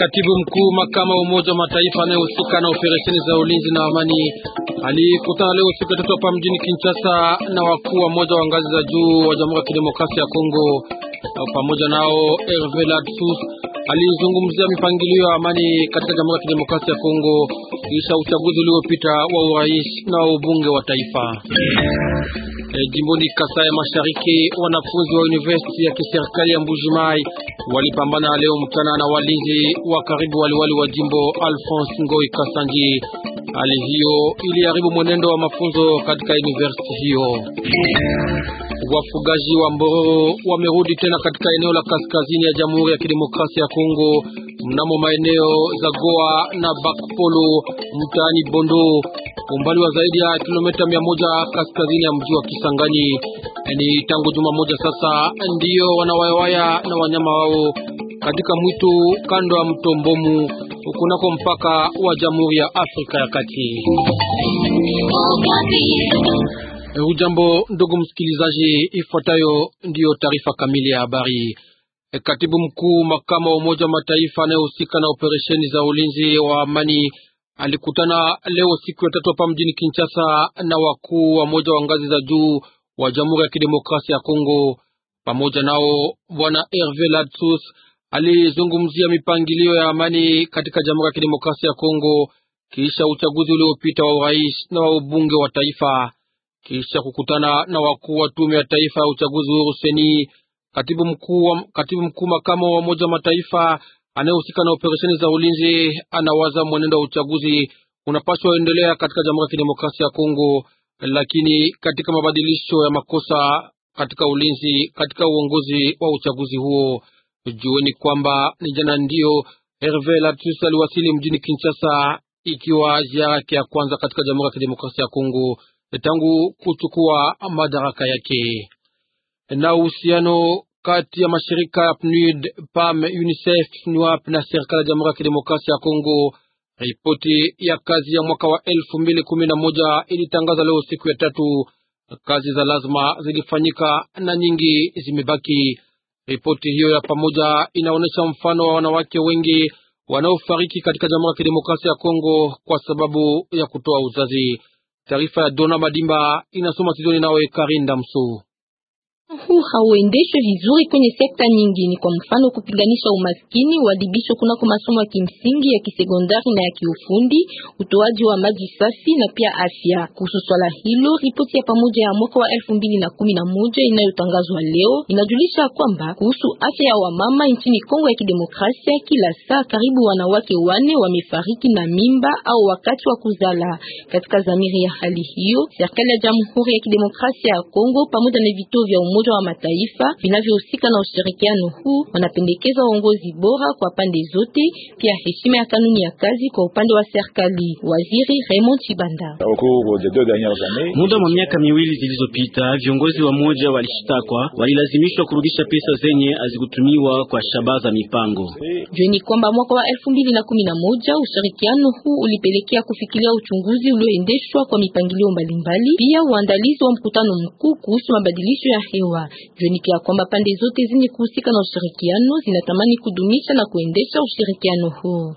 Katibu mkuu makama wa Umoja wa Mataifa anayehusika na operesheni za ulinzi na amani alikutana leo siku ya tatu hapa mjini Kinshasa na wakuu wa moja wa ngazi za juu wa Jamhuri ya Kidemokrasia ya Kongo. Pamoja nao Herve Ladsous alizungumzia mipangilio ya amani katika Jamhuri ya Kidemokrasia ya Kongo kisha uchaguzi uliopita wa urais na wa ubunge wa taifa. E, jimboni Kasai Mashariki, wanafunzi wa university ya kiserikali ya Mbujimai walipambana leo mchana na walinzi wa karibu waliwali wa jimbo Alphonse Ngoi Kasanji. Hali hiyo iliharibu mwenendo wa mafunzo katika university hiyo. Wafugaji wa mbororo wamerudi tena katika eneo la kaskazini ya Jamhuri ya Kidemokrasia ya Kongo mnamo maeneo za Goa na Bakpolo mtaani Bondo, umbali wa zaidi ya kilomita mia moja kaskazini ya mji wa Kisangani. Ni tangu juma moja sasa ndiyo wanawayawaya na wanyama wao katika mwitu kando ya mto Mbomu kunako mpaka wa Jamhuri ya Afrika ya Kati. Ujambo ndugu msikilizaji, ifuatayo ndiyo taarifa kamili ya habari. Katibu mkuu makama wa Umoja wa Mataifa anayehusika na operesheni za ulinzi wa amani alikutana leo siku ya tatu hapa mjini Kinshasa na wakuu wa moja wa ngazi za juu wa Jamhuri ya Kidemokrasia ya Kongo. Pamoja nao bwana Herve Ladsus alizungumzia mipangilio ya amani katika Jamhuri ya Kidemokrasia ya Kongo kisha uchaguzi uliopita wa urais na wa ubunge wa taifa, kisha kukutana na wakuu wa tume ya taifa ya uchaguzi huru seni katibu mkuu katibu mkuu makamo wa Umoja Mataifa anayehusika na operesheni za ulinzi anawaza mwenendo wa uchaguzi unapaswa endelea katika Jamhuri ya Kidemokrasia ya Kongo lakini katika mabadilisho ya makosa katika ulinzi katika uongozi wa uchaguzi huo. Jueni kwamba ni jana ndiyo Herve Latus aliwasili mjini Kinshasa, ikiwa ziara yake ya kwanza katika Jamhuri ya Kidemokrasia ya Kongo tangu kuchukua madaraka yake. Na uhusiano kati ya mashirika ya PNUD, PAM, UNICEF, NUAP na serikali ya Jamhuri ya Kidemokrasia ya Kongo Ripoti ya kazi ya mwaka wa elfu mbili kumi na moja ilitangaza leo siku ya tatu. Kazi za lazima zilifanyika na nyingi zimebaki. Ripoti hiyo ya pamoja inaonyesha mfano wa wanawake wengi wanaofariki katika Jamhuri ya Kidemokrasia ya Kongo kwa sababu ya kutoa uzazi. Taarifa ya Dona Madimba inasoma Sidoni nawe Karinda Msuu huu hauendeshwe vizuri kwenye sekta nyingine, kwa mfano kupiganisha umaskini, kuna kwa masomo ya kimsingi ya kisekondari na ya kiufundi, utoaji wa maji safi na pia afya. Kuhusu swala hilo, ripoti ya pamoja ya mwaka wa elfu mbili na kumi na moja inayotangazwa leo inajulisha kwamba kuhusu afya ya wamama nchini Kongo ya Kidemokrasia, kila saa karibu wanawake wane wamefariki na mimba au wakati wa kuzala. Katika zamiri ya hali hiyo, serikali ya Jamhuri ya Kidemokrasia ya Kongo pamoja na vituo vya Umoja wa Mataifa vinavyohusika na ushirikiano huu wanapendekeza uongozi bora kwa pande zote, pia heshima ya kanuni ya kazi kwa upande wa serikali. Waziri Raymond Chibanda: muda wa miaka miwili zilizopita, viongozi wa moja walishtakwa, walilazimishwa kurudisha pesa zenye hazikutumiwa kwa shabaha za mipango. Jueni kwamba mwaka wa moja ushirikiano huu ulipelekea kufikiria uchunguzi ulioendeshwa kwa mipangilio mbalimbali, pia uandalizi wa mkutano mkuu kuhusu mabadilisho ya hewa kuondolewa. Juenike ya kwamba pande zote zenye kuhusika na ushirikiano zinatamani kudumisha na kuendesha ushirikiano huo.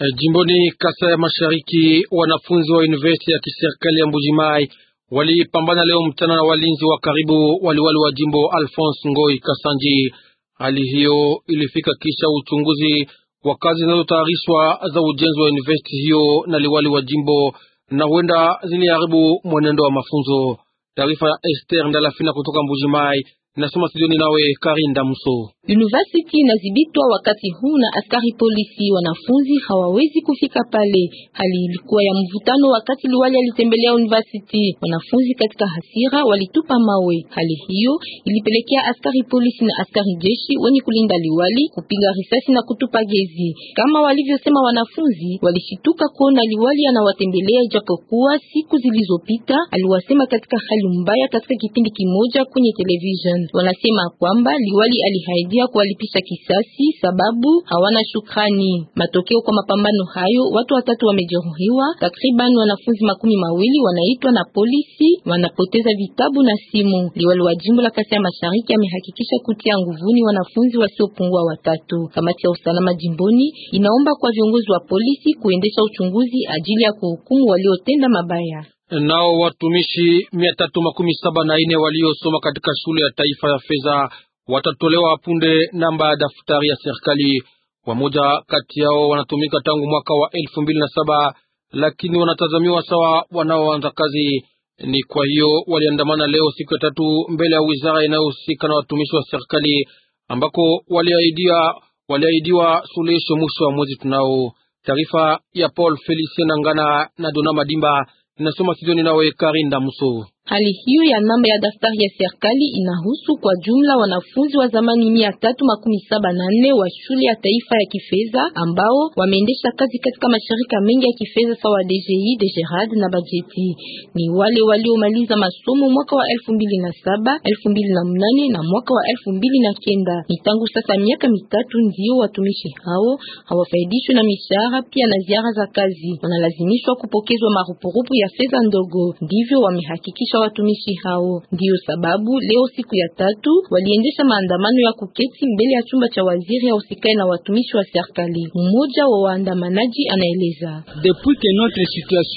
E, jimboni Kasa ya Mashariki, wanafunzi wa university ya kiserikali ya Mbujimai walipambana leo mchana na walinzi wa karibu waliwali wa jimbo Alphonse Ngoi Kasanji. Hali hiyo ilifika kisha uchunguzi wa kazi zinazotayarishwa za ujenzi wa university hiyo na liwali wa jimbo, na huenda ziliharibu mwenendo wa mafunzo. Taarifa ya Esther Ndalafina kutoka Mbuji Mai. Nasoma studioni nawe Karin damso University inazibitwa wakati huu na askari polisi, wanafunzi hawawezi kufika pale. Hali ilikuwa ya mvutano wakati liwali alitembelea university. Wanafunzi katika hasira walitupa mawe. Hali hiyo ilipelekea askari polisi na askari jeshi wenye kulinda liwali kupiga risasi na kutupa gezi. Kama walivyosema, wanafunzi walishituka kuona liwali anawatembelea, ijapokuwa siku zilizopita aliwasema katika hali mbaya katika kipindi kimoja kwenye television. Wanasema kwamba liwali alihaidia kuwalipisha kisasi sababu hawana shukrani. Matokeo kwa mapambano hayo, watu watatu wamejeruhiwa, takriban wanafunzi makumi mawili wanaitwa na polisi, wanapoteza vitabu na simu. Liwali wa jimbo la Kasai Mashariki amehakikisha kutia nguvuni wanafunzi wasiopungua watatu. Kamati ya usalama jimboni inaomba kwa viongozi wa polisi kuendesha uchunguzi ajili ya kuhukumu waliotenda mabaya. Nao watumishi mia tatu makumi saba na nne waliosoma katika shule ya taifa ya fedha watatolewa punde namba ya daftari ya serikali. Wamoja kati yao wanatumika tangu mwaka wa elfu mbili na saba lakini wanatazamiwa sawa wanaoanza kazi. Ni kwa hiyo waliandamana leo siku ya tatu mbele ya wizara inayohusika na watumishi wa serikali ambako waliahidiwa waliahidiwa suluhisho mwisho wa mwezi tunao. Taarifa ya Paul Felicie Nangana na Dona Madimba. Nasoma studioni nawe Karinda Muso. Hali hiyo ya namba ya daftari ya serikali inahusu kwa jumla wanafunzi wa zamani mia tatu makumi saba na nne wa shule ya taifa ya kifedha ambao wameendesha kazi katika mashirika mengi ya kifedha sawa DGI, DGRAD na bajeti. Ni wale waliomaliza masomo mwaka wa elfu mbili na saba, elfu mbili na mnane na mwaka wa elfu mbili na kenda. Ni tangu sasa miaka mitatu ndio watumishi hao hawafaidishwi na mishahara pia na ziara za kazi, wanalazimishwa kupokezwa marupurupu ya fedha ndogo. Ndivyo wamehakikisha cha watumishi hao. Ndiyo sababu leo siku ya tatu waliendesha maandamano ya kuketi mbele ya chumba cha waziri ya usikae na watumishi wa serikali. Mmoja wa waandamanaji anaeleza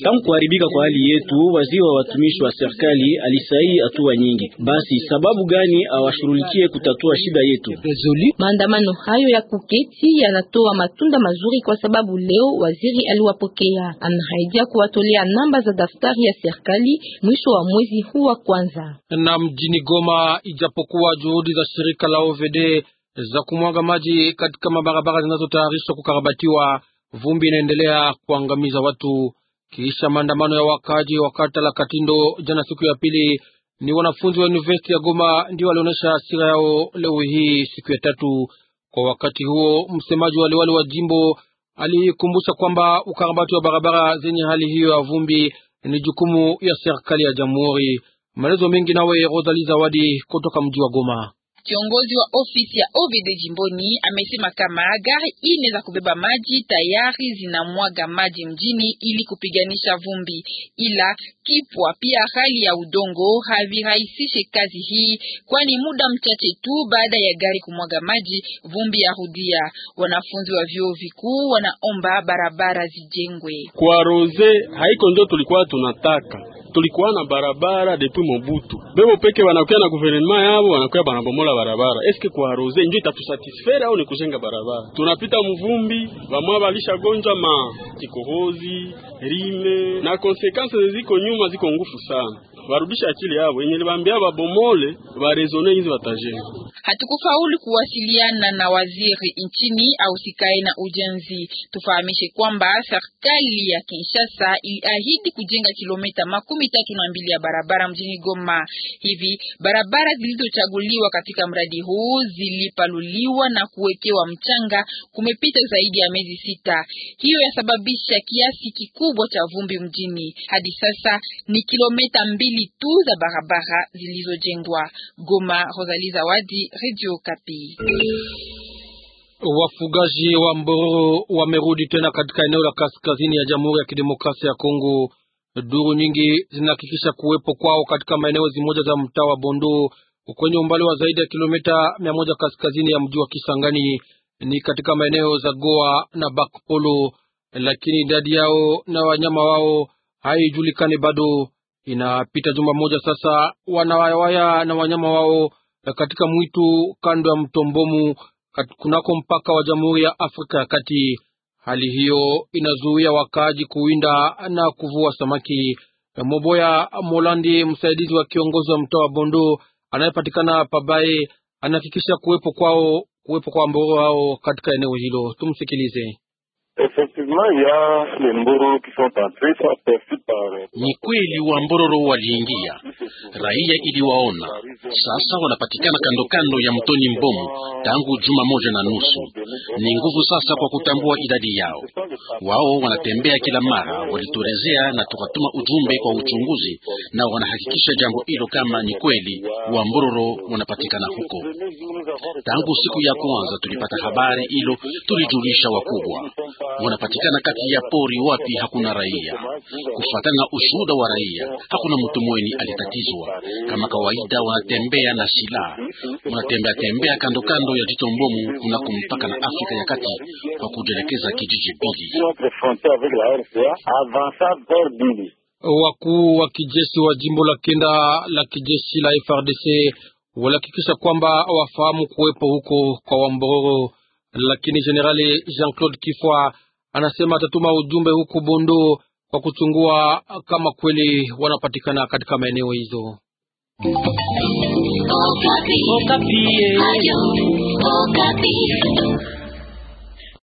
tangu kuharibika kwa hali yetu, waziri wa watumishi wa serikali alisaini hatua nyingi. Basi sababu gani awashughulikie kutatua shida yetu? Maandamano hayo ya kuketi yanatoa matunda mazuri kwa sababu leo waziri aliwapokea, anahaidia kuwatolea namba za daftari ya serikali mwisho wa mwezi mwezi huu wa kwanza. Na mjini Goma, ijapokuwa juhudi za shirika la OVD za kumwaga maji katika mabarabara zinazotayarishwa kukarabatiwa, vumbi inaendelea kuangamiza watu. Kisha maandamano ya wakaji wa kata la Katindo jana, siku ya pili, ni wanafunzi wa university ya Goma ndio walionyesha hasira yao leo hii siku ya tatu. Kwa wakati huo, msemaji wa liwali wa jimbo alikumbusha kwamba ukarabati wa barabara zenye hali hiyo ya vumbi ni jukumu ya serikali ya jamhuri. Maelezo mengi nawe Rosali Zawadi kutoka mji wa Goma. Kiongozi wa ofisi ya OVD jimboni amesema kama gari ine za kubeba maji tayari zinamwaga maji mjini ili kupiganisha vumbi, ila kipwa pia hali ya udongo havirahisishe kazi hii, kwani muda mchache tu baada ya gari kumwaga maji vumbi yarudia. Wanafunzi wa vyuo vikuu wanaomba barabara zijengwe kwa roze. haiko ndio tulikuwa tunataka tulikuwa na barabara depuis Mobutu, bebo peke wanakuya na guvernema yabo wanakuya banabomola barabara. Eske kuarose njo itatusatisfere au ni kujenga barabara? Tunapita mvumbi, bamwa balisha gonjwa ma kikohozi, rime na konsekansi ziko nyuma, ziko ngufu sana warudisha akili yao yenye libambia babomole warezone inzi watajenga. Hatukufaulu kuwasiliana na waziri nchini au sikae na ujenzi. Tufahamishe kwamba serikali ya Kinshasa iliahidi kujenga kilomita makumi tatu na mbili ya barabara mjini Goma. Hivi barabara zilizochaguliwa katika mradi huu zilipaluliwa na kuwekewa mchanga, kumepita zaidi ya miezi sita. Hiyo yasababisha kiasi kikubwa cha vumbi mjini. Hadi sasa ni kilomita mbili mbili tu za barabara zilizojengwa. Goma, Rosalie Zawadi, Radio Kapi. Wafugaji wa mbororo wamerudi tena katika eneo la kaskazini ya Jamhuri ya Kidemokrasia ya Kongo. Duru nyingi zinahakikisha kuwepo kwao katika maeneo zimoja za mtaa wa Bondo kwenye umbali wa zaidi ya kilomita mia moja kaskazini ya mji wa Kisangani, ni katika maeneo za Goa na Bakpolo, lakini idadi yao na wanyama wao haijulikani bado. Inapita juma moja sasa, wanawayawaya na wanyama wao eh, katika mwitu kando ya mto Mbomu kunako mpaka wa Jamhuri ya Afrika ya Kati. Hali hiyo inazuia wakaaji kuwinda na kuvua samaki. Eh, Moboya Molandi, msaidizi wa kiongozi wa mtaa wa Bondo anayepatikana Pabaye, anahakikisha kuwepo kwao kuwepo kwa mboro wao katika eneo hilo. Tumsikilize. Effectivement, il y a les Mboro qui sont entrés, sont perçus par... Ni euh, kweli wa Mbororo waliingia, raia iliwaona. Sasa wanapatikana kando kando ya mtoni Mbomu tangu juma moja na nusu. Ni nguvu sasa kwa kutambua idadi yao. Wao wanatembea kila mara, waliturezea na tukatuma ujumbe kwa uchunguzi, na wanahakikisha jambo hilo kama ni kweli wa Mbororo wanapatikana huko. Tangu siku ya kwanza tulipata habari hilo, tulijulisha wakubwa wanapatikana kati ya pori wapi hakuna raia. Kufuatana na ushuhuda wa raia, hakuna mtu mweni alitatizwa. Kama kawaida, wanatembea na silaha, wanatembea tembea kando kando ya jito Mbomu kuna kumpaka na Afrika ya Kati kwa kujelekeza kijiji Bili. Wakuu wa kijeshi wa jimbo la kenda la kijeshi la FRDC walihakikisha kwamba wafahamu kuwepo huko kwa wambororo lakini Jenerali Jean-Claude Kifwa anasema atatuma ujumbe huku Bondo kwa kuchungua kama kweli wanapatikana katika maeneo hizo. Okapi. Okapi.